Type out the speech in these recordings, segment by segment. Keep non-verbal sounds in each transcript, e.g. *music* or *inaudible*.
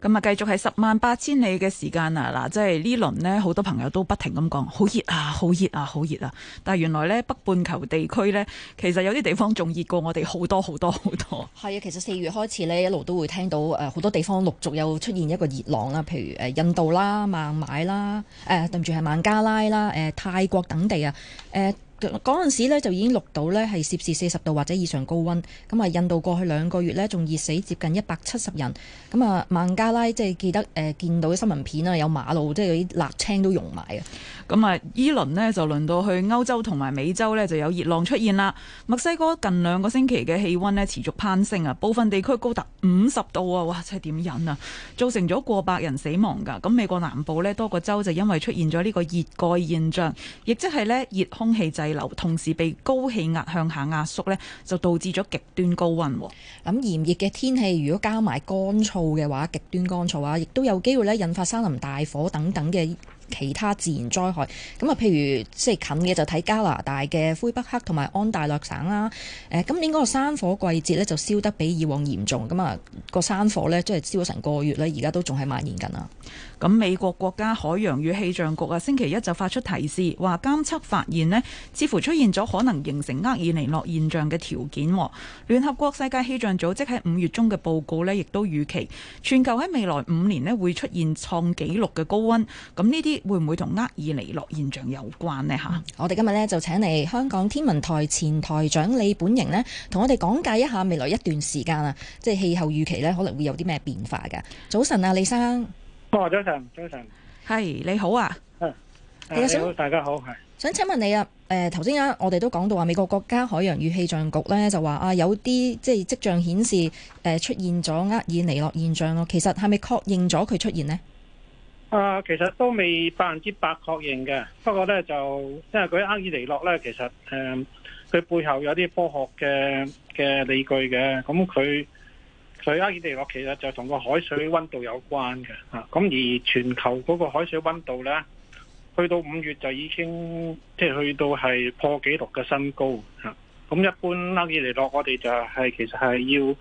咁啊，繼續係十萬八千里嘅時間啊！嗱，即係呢輪呢，好多朋友都不停咁講，好熱啊，好熱啊，好熱啊！但係原來呢，北半球地區呢，其實有啲地方仲熱過我哋好多好多好多。係啊，其實四月開始呢，一路都會聽到誒、呃、好多地方陸續有出現一個熱浪啦，譬如誒印度啦、孟買啦、誒、呃、對唔住係孟加拉啦、誒、呃、泰國等地啊，誒、呃。嗰陣時呢就已經錄到呢係攝氏四十度或者以上高温，咁啊印度過去兩個月呢，仲熱死接近一百七十人，咁啊孟加拉即係記得誒、呃、見到新聞片啊，有馬路即係嗰啲辣青都溶埋啊！咁啊依輪呢，就輪到去歐洲同埋美洲呢，就有熱浪出現啦。墨西哥近兩個星期嘅氣温呢，持續攀升啊，部分地區高達五十度啊！哇，真係點忍啊？造成咗過百人死亡噶。咁美國南部呢，多個州就因為出現咗呢個熱蓋現象，亦即係呢熱空氣就氣流同時被高氣壓向下壓縮咧，就導致咗極端高温。咁炎熱嘅天氣，如果加埋乾燥嘅話，極端乾燥啊，亦都有機會咧引發山林大火等等嘅。其他自然災害，咁啊，譬如即係近嘅就睇加拿大嘅魁北克同埋安大略省啦。誒、呃，今年嗰個山火季節咧就燒得比以往嚴重，咁、那、啊個山火咧即係燒咗成個月咧，而家都仲係蔓延緊啊。咁美國國家海洋與氣象局啊，星期一就發出提示，話監測發現咧，似乎出現咗可能形成厄爾尼諾現象嘅條件。聯合國世界氣象組織喺五月中嘅報告咧，亦都預期全球喺未來五年咧會出現創紀錄嘅高温。咁呢啲。會唔會同厄爾尼諾現象有關呢？吓、嗯，我哋今日咧就請嚟香港天文台前台長李本瀅，呢，同我哋講解一下未來一段時間啊，即係氣候預期咧可能會有啲咩變化噶。早晨啊，李生。哦，早晨，早晨。係你好啊。啊好，好，大家好。係。想請問你啊，誒、呃，頭先啊，我哋都講到話美國國家海洋與氣象局咧就話啊，有啲即係跡象顯示誒、呃、出現咗厄爾尼諾現象咯。其實係咪確認咗佢出現呢？啊，其實都未百分之百確認嘅。不過呢，就因為佢厄爾尼諾呢，其實誒，佢背後有啲科學嘅嘅理據嘅。咁佢，佢厄爾尼諾其實就同個海水溫度有關嘅嚇。咁而全球嗰個海水溫度呢，去到五月就已經即係去到係破紀錄嘅新高嚇。咁一般厄爾尼諾我哋就係其實係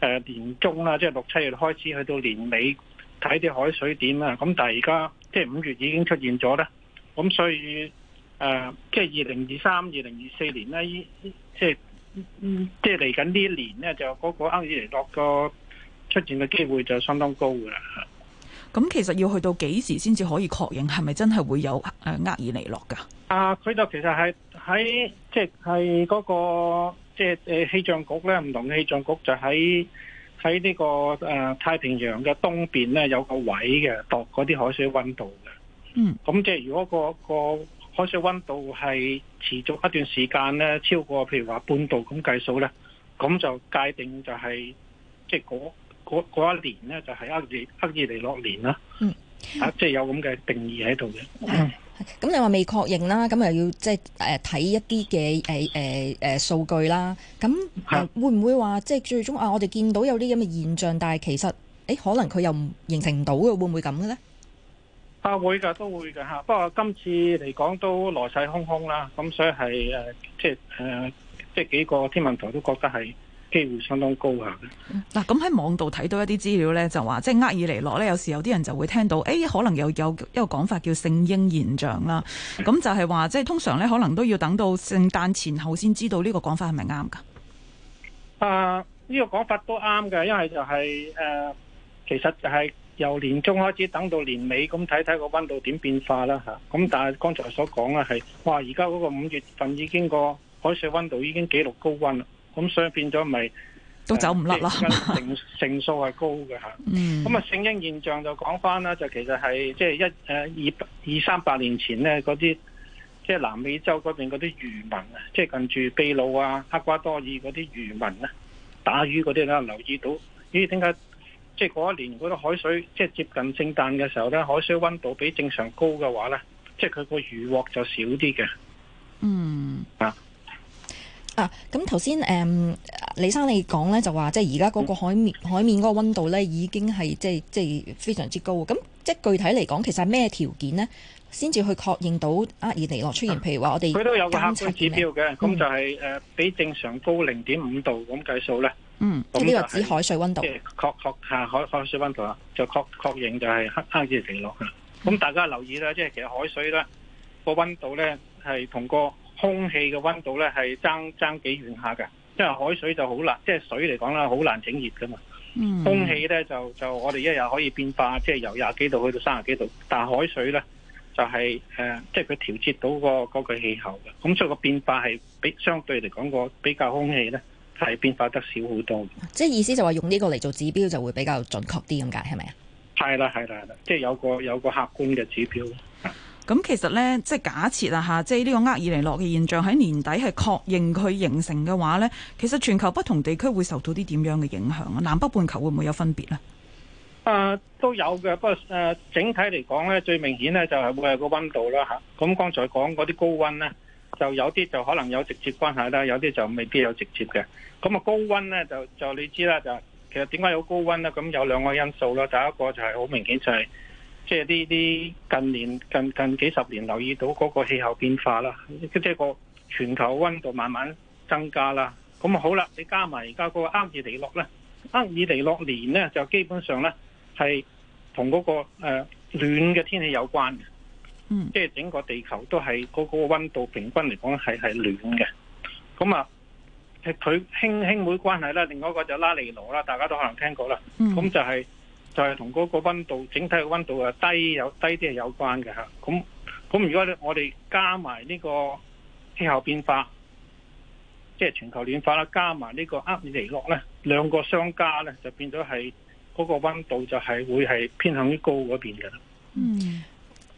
要誒年中啦，即係六七月開始去到年尾。睇啲海水點呀，咁但係而家即係五月已經出現咗咧，咁所以誒，即係二零二三、二零二四年咧，依即係即係嚟緊呢一年咧，就嗰個厄爾尼諾個出現嘅機會就相當高㗎啦。咁其實要去到幾時先至可以確認係咪真係會有誒厄爾尼諾㗎？啊，佢就其實係喺即係係嗰個即係誒氣象局咧，唔同嘅氣象局就喺。喺呢個誒太平洋嘅東邊咧，有個位嘅度嗰啲海水溫度嘅。嗯，咁即係如果個個海水溫度係持續一段時間咧，超過譬如話半度咁計數咧，咁就界定就係即係嗰一年咧，就係厄爾厄爾尼諾年啦，嗯。嗯，啊，即係有咁嘅定義喺度嘅。嗯。咁你話未確認啦，咁又要、呃呃呃、會會即係誒睇一啲嘅誒誒誒數據啦。咁會唔會話即係最終啊？我哋見到有啲咁嘅現象，但係其實誒、欸、可能佢又唔形成唔到嘅，會唔會咁嘅咧？啊會噶，都會噶吓。不過今次嚟講都來勢洶洶啦，咁所以係誒、呃、即係誒、呃、即係幾個天文台都覺得係。機會相當高吓。嗱、嗯，咁喺網度睇到一啲資料呢，就話即係厄爾尼諾呢，有時有啲人就會聽到，誒、哎，可能有有一個講法叫聖嬰現象啦。咁就係話，即、就、係、是、通常呢，可能都要等到聖誕前後先知道呢個講法係咪啱噶。誒、啊，呢、這個講法都啱嘅，因為就係、是、誒、啊，其實就係由年中開始等到年尾，咁睇睇個温度點變化啦吓。咁、啊、但係剛才所講咧係，哇，而家嗰個五月份已經個海水温度已經紀錄高温咁所以變咗咪都走唔甩啦，成、嗯、成數係高嘅吓。咁啊，聖嬰現象就講翻啦，就其實係即係一誒二二三百年前咧，嗰啲即係南美洲嗰邊嗰啲漁民啊，即、就、係、是、近住秘魯啊、厄瓜多爾嗰啲漁民咧，打魚嗰啲咧，留意到咦，點解即係嗰一年嗰個海水即係、就是、接近聖誕嘅時候咧，海水溫度比正常高嘅話咧，即係佢個漁獲就少啲嘅。嗯。啊。咁頭先，李生你講咧就話，即係而家嗰個海面、嗯、海面個温度咧已經係即係即係非常之高。咁即係具體嚟講，其實咩條件咧先至去確認到厄爾尼諾出現？譬、啊、如話我哋佢都有個監測指標嘅，咁、嗯、就係比正常高零點五度咁計數咧。嗯，咁呢個指海水温度。即係確確下海海水温度啦，就確確認就係厄厄爾尼諾。咁、嗯、大家留意啦，即、就、係、是、其實海水咧個温度咧係同個，空氣嘅温度咧係爭爭幾遠下㗎，因為海水就好難，即係水嚟講啦，好難整熱㗎嘛、嗯。空氣咧就就我哋一日可以變化，即係由廿幾度去到三十幾度，但係海水咧就係、是、誒、呃，即係佢調節到、嗰個嗰、嗰個氣候嘅。咁所以個變化係比相對嚟講、嗰個比較空氣咧係變化得少好多。即係意思就話用呢個嚟做指標就會比較準確啲咁解係咪啊？係啦，係啦，即係有個有個客觀嘅指標。咁其實呢，即係假設啊嚇，即係呢個厄爾尼諾嘅現象喺年底係確認佢形成嘅話呢，其實全球不同地區會受到啲點樣嘅影響啊？南北半球會唔會有分別呢？呃、都有嘅，不過、呃、整體嚟講呢，最明顯呢就係會係個温度啦嚇，咁剛才講嗰啲高温呢，就有啲就可能有直接關係啦，有啲就未必有直接嘅。咁啊，高温呢，就就你知啦，就其實點解有高温呢？咁有兩個因素啦，第一個就係好明顯就係、是。即係呢啲近年近近幾十年留意到嗰個氣候變化啦，即、就、係、是、個全球温度慢慢增加啦。咁好啦，你加埋而家嗰個厄爾尼諾咧，厄爾尼諾年咧就基本上咧係同嗰個誒、呃、暖嘅天氣有關嘅。嗯，即係整個地球都係嗰個温度平均嚟講係係暖嘅。咁啊，係佢兄妹關係啦。另外一個就拉尼羅啦，大家都可能聽過啦。咁就係、是。就係同嗰個温度，整體嘅温度啊低有低啲係有關嘅嚇，咁咁如果我哋加埋呢個氣候變化，即係全球暖化啦，加埋呢個厄爾尼諾咧，兩個相加咧就變咗係嗰個温度就係會係偏向於高嗰邊嘅啦。嗯。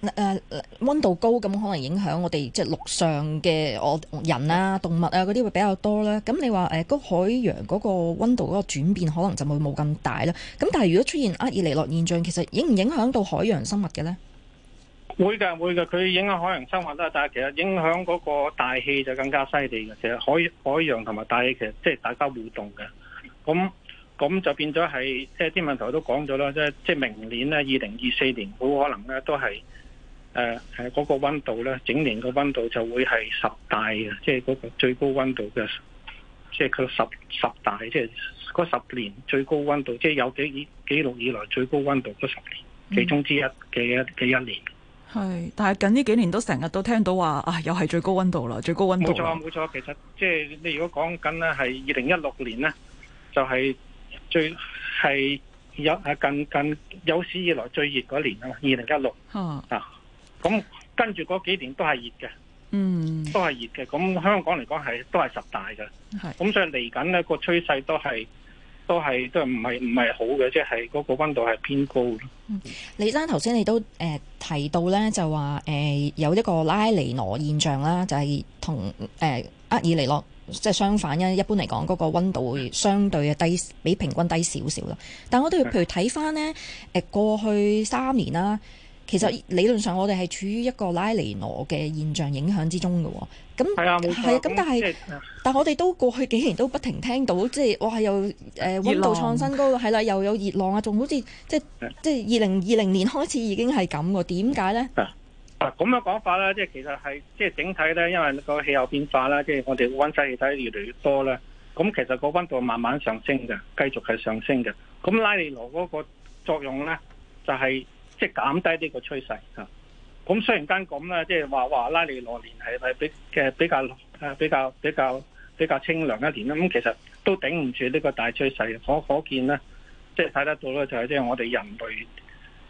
嗱，温度高咁可能影響我哋即係陸上嘅我人啊、動物啊嗰啲會比較多啦。咁你話誒個海洋嗰個温度嗰個轉變可能就會冇咁大咧。咁但係如果出現厄爾尼諾現象，其實影唔影響到海洋生物嘅咧？會嘅，會嘅，佢影響海洋生物都係，但係其實影響嗰個大氣就更加犀利嘅。其實海海洋同埋大氣其實即係大家互動嘅。咁咁就變咗係即係天文台都講咗啦，即係即係明年咧，二零二四年好可能咧都係。誒、呃、誒、嗰、那個溫度咧，整年個溫度就會係十大嘅，即係嗰個最高溫度嘅,即係佢十十大，即係嗰十年最高溫度，即、就、係、是、有幾紀錄以來最高溫度嗰十年其中之一嘅一嘅一年。係，但係近呢幾年都成日都聽到話啊，又係最高溫度啦，最高溫度。冇錯冇錯，其實即係你如果講緊咧，係二零一六年咧，就係、是、最係有誒近近有史以來最熱嗰年啊嘛，二零一六。啊。咁跟住嗰幾年都係熱嘅，嗯，都係熱嘅。咁香港嚟講係都係十大嘅，係。咁所以嚟緊呢個趨勢都係都係都係唔係唔係好嘅，即係嗰個温度係偏高的，嗯。李生頭先你都誒、呃、提到呢，就話誒、呃、有一個拉尼諾現象啦，就係同誒厄爾尼諾即係相反。一一般嚟講，嗰、嗰個温度會相對嘅低，比平均低少少啦。但我都要譬如睇翻呢，誒過去三年啦。其實理論上我哋係處於一個拉尼諾嘅現象影響之中嘅喎，咁係啊，係啊，咁但係、就是，但係我哋都過去幾年都不停聽到，即係哇，又誒、呃、溫度創新高咯，係啦，又有熱浪啊，仲好似即係即係二零二零年開始已經係咁喎，點解咧？嗱咁嘅講法咧，即係其實係即係整體咧，因為個氣候變化啦，即係我哋温室氣體越嚟越多啦，咁其實個温度慢慢上升嘅，繼續係上升嘅，咁拉尼諾嗰個作用咧就係、是。即係減低呢個趨勢嚇，咁雖然間咁咧，即係話哇，拉尼羅年係係比嘅比較比較比較比較清涼一年啦，咁其實都頂唔住呢個大趨勢。可可見咧，即係睇得到咧，就係即我哋人類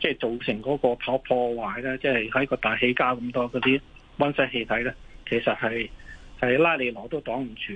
即係造成嗰個破破壞咧，即係喺個大氣加咁多嗰啲温室氣體咧，其實係係拉尼羅都擋唔住。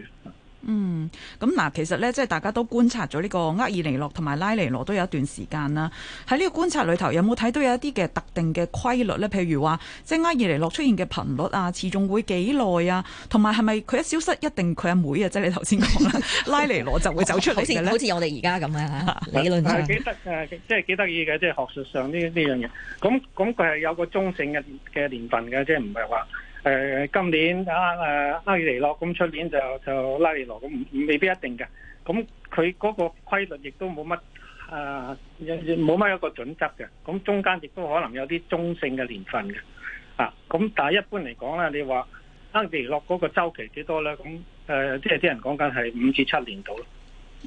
嗯，咁嗱，其實咧，即係大家都觀察咗呢個厄爾尼諾同埋拉尼羅都有一段時間啦。喺呢個觀察裏頭，有冇睇到有一啲嘅特定嘅規律咧？譬如話，即係厄爾尼諾出現嘅頻率啊，持續會幾耐啊？同埋係咪佢一消失一定佢阿妹，妹啊？ *laughs* 即係你頭先講啦，拉尼羅就會走出嚟 *laughs* 好似我哋而家咁啊，理論上幾 *laughs* 得誒，即係幾得意嘅，即係學術上呢呢樣嘢。咁咁佢係有個中性嘅嘅年份嘅，即係唔係話。誒、呃，今年啊誒，厄、啊、爾尼諾，咁出年就就拉尼諾，咁未必一定嘅。咁佢嗰個規律亦都冇乜誒，冇、啊、乜一個準則嘅。咁中間亦都可能有啲中性嘅年份嘅。啊，咁但係一般嚟講咧，你話厄爾尼諾嗰個周期幾多咧？咁誒，即係啲人講緊係五至七年度，咯。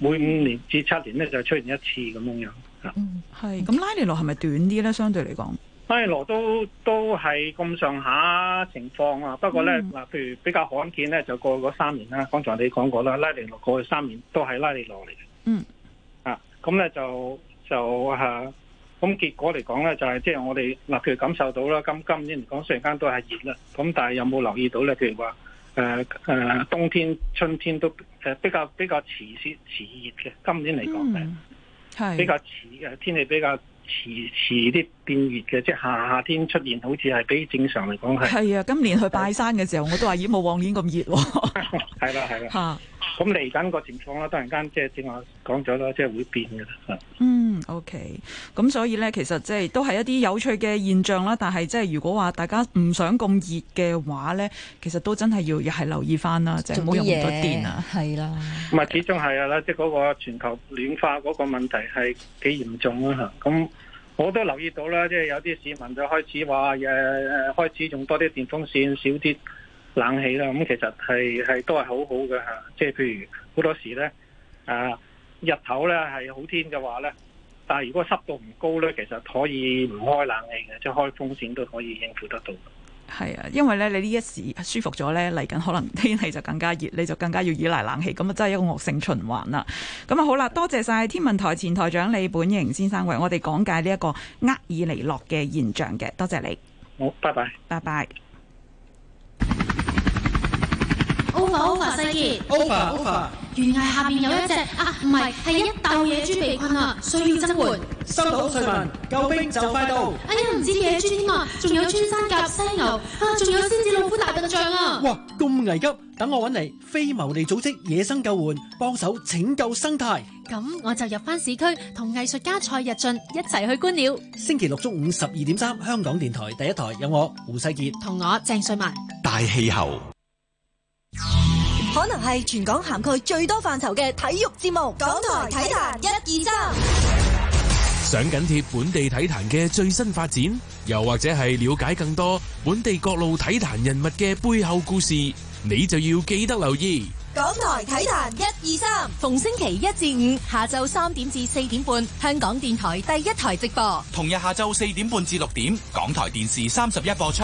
每五年至七年咧就出現一次咁樣樣、啊。嗯，係。咁拉尼諾係咪短啲咧？相對嚟講？拉尼羅都都係咁上下情況啊，不過咧嗱，譬、嗯、如比較罕見咧，就過去嗰三年啦。剛才你講過啦，拉尼羅過去三年都係拉尼羅嚟嘅。嗯。啊，咁咧就就嚇，咁、啊、結果嚟講咧、就係，就係即係我哋嗱，譬如感受到啦，今今年嚟講雖，突然間都係熱啦。咁但係有冇留意到咧？譬如話誒誒，冬天春天都誒比較比較遲先遲熱嘅，今年嚟講係、嗯、比較遲嘅天氣比較。遲遲啲變熱嘅，即係夏夏天出現，好似係比正常嚟講係。係啊，今年去拜山嘅時候，我都話已經冇往年咁熱、哦。係 *laughs* 啦、啊，係啦、啊。嚇、啊！咁嚟緊個情況啦，突然間即係正話講咗啦，即係會變嘅啦。嗯，OK。咁所以咧，其實即係都係一啲有趣嘅現象啦。但係即係如果話大家唔想咁熱嘅話咧，其實都真係要係留意翻啦，即係唔好用咗電啊。係啦。唔係，始終係啊啦，即係嗰個全球暖化嗰個問題係幾嚴重啊嚇。咁我都留意到啦，即係有啲市民就開始話誒、呃，開始用多啲電風扇少啲冷氣啦，咁其實係係都係好好嘅，吓，即係譬如好多時咧啊，日、呃、頭咧係好天嘅話咧，但係如果濕度唔高咧，其實可以唔開冷氣嘅，即係開風扇都可以應付得到。係啊，因為咧你呢一時舒服咗咧，嚟緊可能天氣就更加熱，你就更加要依賴冷氣，咁啊真係一個惡性循環啦。咁啊好啦，多謝晒天文台前台長李本瀅先生為我哋講解呢一個厄爾尼諾嘅現象嘅，多謝你。好，拜拜，拜拜。over over 世傑，over over，懸崖下邊有一隻啊，唔係，係一竇野豬被困啦，需要增援。收到萃雯，救兵就快到。哎呀，唔止野豬添啊，仲有穿山甲、犀牛啊，仲有獅子、老虎大笨象啊！哇，咁危急，等我揾嚟，非牟利組織野生救援，幫手拯救生態。咁我就入翻市區，同藝術家蔡日進一齊去觀鳥。星期六中午十二點三，香港電台第一台有我胡世傑，同我鄭萃雯，大氣候。可能係全港涵蓋最多範疇嘅體育節目，港台體壇一二三。想緊貼本地體壇嘅最新發展，又或者係了解更多本地各路體壇人物嘅背後故事，你就要記得留意港台體壇一二三。逢星期一至五下晝三點至四點半，香港電台第一台直播；同日下晝四點半至六點，港台電視三十一播出。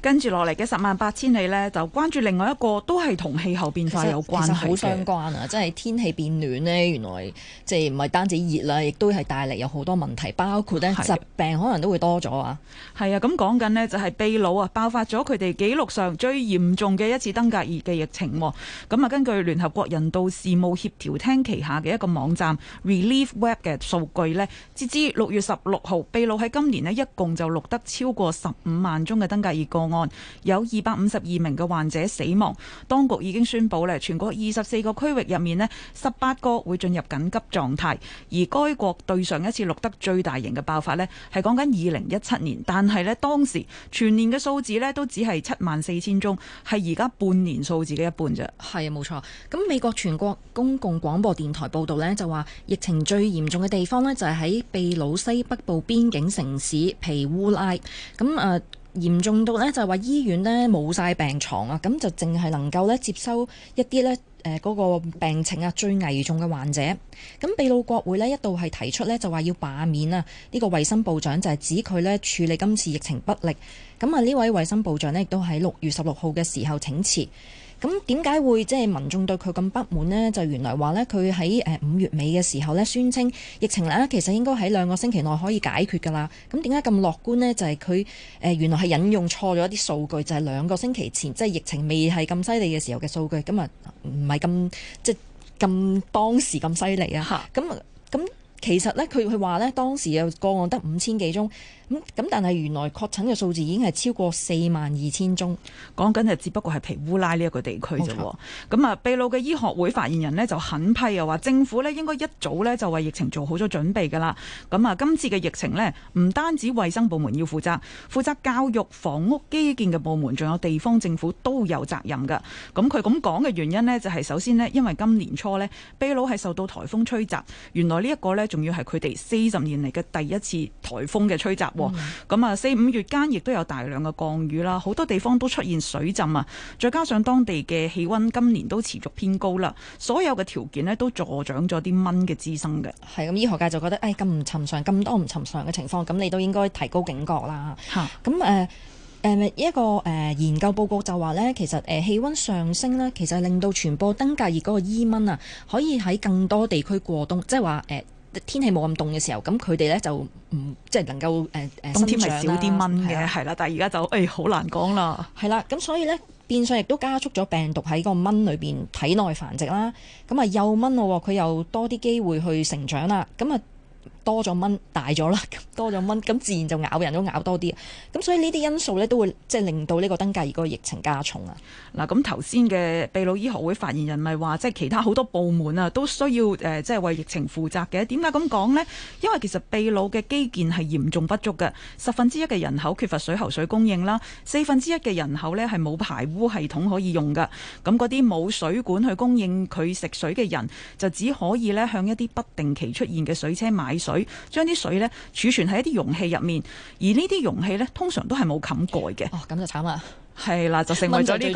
跟住落嚟嘅十萬八千里呢，就關注另外一個都係同氣候變化有關的，好相關啊！即係天氣變暖呢，原來即係唔係單止熱啦，亦都係帶嚟有好多問題，包括咧疾病可能都會多咗啊！係啊，咁講緊呢就係秘魯啊，爆發咗佢哋記錄上最嚴重嘅一次登革熱嘅疫情。咁、嗯、啊，根據聯合國人道事務協調廳旗下嘅一個網站 ReliefWeb 嘅數據呢，截至六月十六號秘魯喺今年呢一共就錄得超過十五萬宗嘅登革熱個。案有二百五十二名嘅患者死亡，當局已經宣佈咧，全國二十四個區域入面咧，十八個會進入緊急狀態。而該國對上一次錄得最大型嘅爆發咧，係講緊二零一七年，但係咧當時全年嘅數字咧都只係七萬四千宗，係而家半年數字嘅一半啫。係啊，冇錯。咁美國全國公共廣播電台報道咧就話，疫情最嚴重嘅地方咧就係喺秘魯西北部邊境城市皮烏拉。咁誒。呃嚴重到咧就係話醫院呢冇晒病床啊，咁就淨係能夠咧接收一啲咧誒嗰個病情啊最危重嘅患者。咁秘魯國會呢一度係提出呢就話要罷免啊呢個衞生部長，就係指佢咧處理今次疫情不力。咁啊呢位衞生部長呢亦都喺六月十六號嘅時候請辭。咁點解會即係民眾對佢咁不滿呢？就原來話咧，佢喺五月尾嘅時候咧，宣稱疫情咧其實應該喺兩個星期內可以解決㗎啦。咁點解咁樂觀呢？就係誒佢原來係引用錯咗一啲數據，就係、是、兩個星期前即係、就是、疫情未係咁犀利嘅時候嘅數據，咁啊唔係咁即係咁當時咁犀利啊。咁咁其實咧，佢佢話咧當時有個案得五千幾宗。咁，但係原來確診嘅數字已經係超過四萬二千宗。講緊就只不過係皮烏拉呢一個地區啫。咁啊，秘魯嘅醫學會發言人呢，就狠批又話，政府呢應該一早呢就為疫情做好咗準備噶啦。咁啊，今次嘅疫情呢，唔單止衛生部門要負責，負責教育、房屋基建嘅部門，仲有地方政府都有責任噶。咁佢咁講嘅原因呢，就係首先呢，因為今年初呢，秘魯係受到颱風吹襲，原來呢一個呢，仲要係佢哋四十年嚟嘅第一次颱風嘅吹襲。咁、嗯、啊，四五月間亦都有大量嘅降雨啦，好多地方都出現水浸啊，再加上當地嘅氣温今年都持續偏高啦，所有嘅條件呢都助長咗啲蚊嘅滋生嘅。係咁，醫學界就覺得，誒咁唔尋常，咁多唔尋常嘅情況，咁你都應該提高警覺啦。嚇，咁誒誒一個誒、呃、研究報告就話呢，其實誒、呃、氣温上升呢，其實令到傳播登革熱嗰個伊蚊啊，可以喺更多地區過冬，即係話誒。呃天氣冇咁凍嘅時候，咁佢哋呢就唔即係能夠誒、呃呃、冬天少啲蚊嘅，係啦，但係而家就誒好、哎、難講啦。係啦，咁所以呢，變相亦都加速咗病毒喺個蚊裏邊體內繁殖啦。咁啊幼蚊喎，佢又多啲機會去成長啦。咁啊。多咗蚊大咗啦，多咗蚊咁自然就咬人都，咬多啲咁，所以呢啲因素咧，都會即係令到呢個登革熱個疫情加重啊！嗱，咁頭先嘅秘魯醫學會發言人咪話，即係其他好多部門啊，都需要誒、呃、即係為疫情負責嘅。點解咁講咧？因為其實秘魯嘅基建係嚴重不足嘅，十分之一嘅人口缺乏水喉水供應啦，四分之一嘅人口咧係冇排污系統可以用嘅。咁嗰啲冇水管去供應佢食水嘅人，就只可以咧向一啲不定期出現嘅水車買水。將啲水咧儲存喺一啲容器入面，而呢啲容器咧通常都係冇冚蓋嘅。哦，咁就慘啦。係啦，就成為咗呢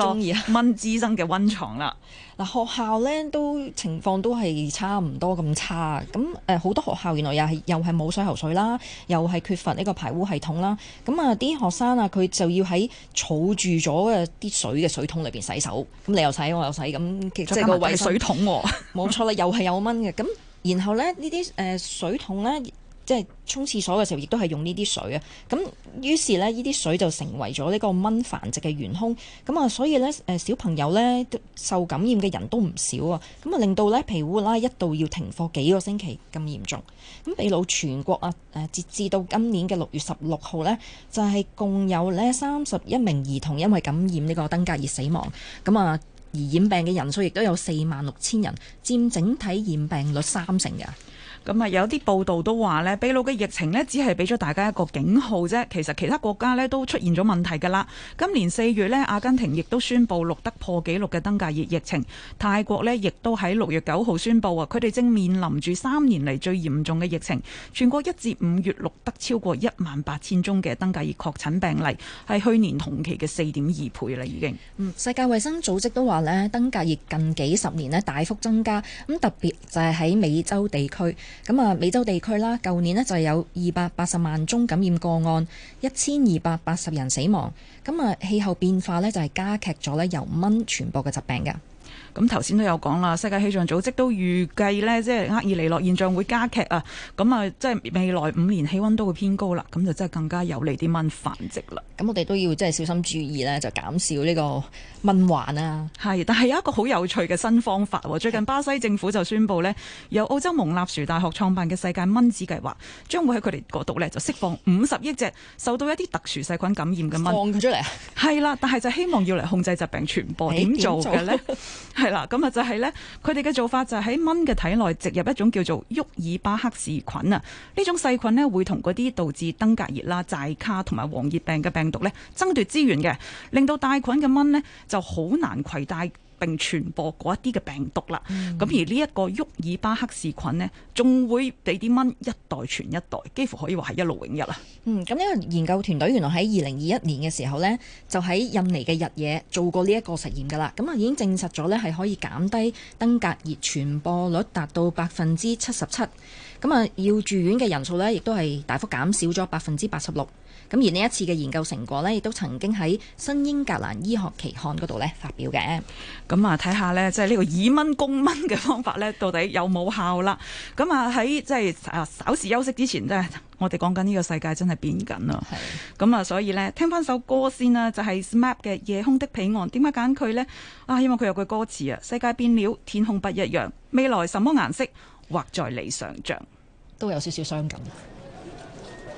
個蚊滋生嘅溫床啦。嗱， *laughs* 學校咧都情況都係差唔多咁差。咁誒、好、呃、多學校原來又係又係冇水喉水啦，又係缺乏呢個排污系統啦。咁啊，啲學生啊，佢就要喺儲住咗嘅啲水嘅水桶裏邊洗手。咁你又洗，我又洗，咁即係個衛生水桶，啊。冇錯啦，又係有蚊嘅咁。 *laughs* 然後咧，呢啲、呃、水桶咧，即係沖廁所嘅時候，亦都係用呢啲水啊。咁於是咧，呢啲水就成為咗呢個蚊繁殖嘅元凶。咁啊，所以咧、呃，小朋友咧受感染嘅人都唔少啊。咁啊，令到咧皮烏拉一度要停課幾個星期咁嚴重。咁秘魯全國啊，誒、呃、截至到今年嘅六月十六號咧，就係、是、共有咧三十一名兒童因為感染呢個登革熱死亡。咁啊～而染病嘅人數亦都有四萬六千人，佔整體染病率三成嘅。咁啊，有啲報道都話呢，秘魯嘅疫情呢，只係俾咗大家一個警號啫。其實其他國家呢，都出現咗問題㗎啦。今年四月呢，阿根廷亦都宣布錄得破紀錄嘅登革熱疫情；泰國呢，亦都喺六月九號宣布啊，佢哋正面臨住三年嚟最嚴重嘅疫情。全國一至五月錄得超過一萬八千宗嘅登革熱確診病例，係去年同期嘅四點二倍啦，已經。嗯，世界衛生組織都話呢，登革熱近幾十年呢大幅增加，咁特別就係喺美洲地區。咁啊，美洲地區啦，舊年咧就有二百八十萬宗感染個案，一千二百八十人死亡。咁啊，氣候變化呢就係加劇咗咧由蚊傳播嘅疾病嘅。咁頭先都有講啦，世界氣象組織都預計呢，即係厄爾尼諾現象會加劇啊！咁啊，即係未來五年氣温都會偏高啦，咁就真係更加有利啲蚊繁殖啦。咁我哋都要即係小心注意呢，就減少呢個蚊患啦。係，但係有一個好有趣嘅新方法喎。最近巴西政府就宣布呢，由澳洲蒙納殊大學創辦嘅世界蚊子計劃，將會喺佢哋嗰度呢，就釋放五十億隻受到一啲特殊細菌感染嘅蚊。放出嚟啊？係啦，但係就希望要嚟控制疾病傳播，點、哎、做嘅呢？ *laughs* 係啦，咁啊就係咧，佢哋嘅做法就係喺蚊嘅體內植入一種叫做沃爾巴克氏菌啊，呢種細菌呢會同嗰啲導致登革熱啦、寨卡同埋黃熱病嘅病毒咧爭奪資源嘅，令到帶菌嘅蚊呢就好難攜帶。並傳播嗰一啲嘅病毒啦，咁、嗯、而呢一個沃爾巴克氏菌呢，仲會俾啲蚊一代傳一代，幾乎可以話係一勞永逸啦。嗯，咁呢個研究團隊原來喺二零二一年嘅時候呢，就喺印尼嘅日惹做過呢一個實驗噶啦，咁啊已經證實咗呢係可以減低登革熱傳播率達到百分之七十七。咁啊，要住院嘅人數呢，亦都係大幅減少咗百分之八十六。咁而呢一次嘅研究成果呢，亦都曾經喺《新英格蘭醫學期刊》嗰度呢發表嘅。咁啊，睇下呢，即係呢個以蚊攻蚊嘅方法呢，到底有冇效啦？咁啊，喺即係啊，稍事休息之前咧，我哋講緊呢個世界真係變緊啦。咁啊，所以呢，聽翻首歌先啦，就係、是、SMAP 嘅《夜空的彼岸》。點解揀佢呢？啊，因為佢有句歌詞啊：世界變了，天空不一樣，未來什麼顏色，畫在你想像。都有少少傷感。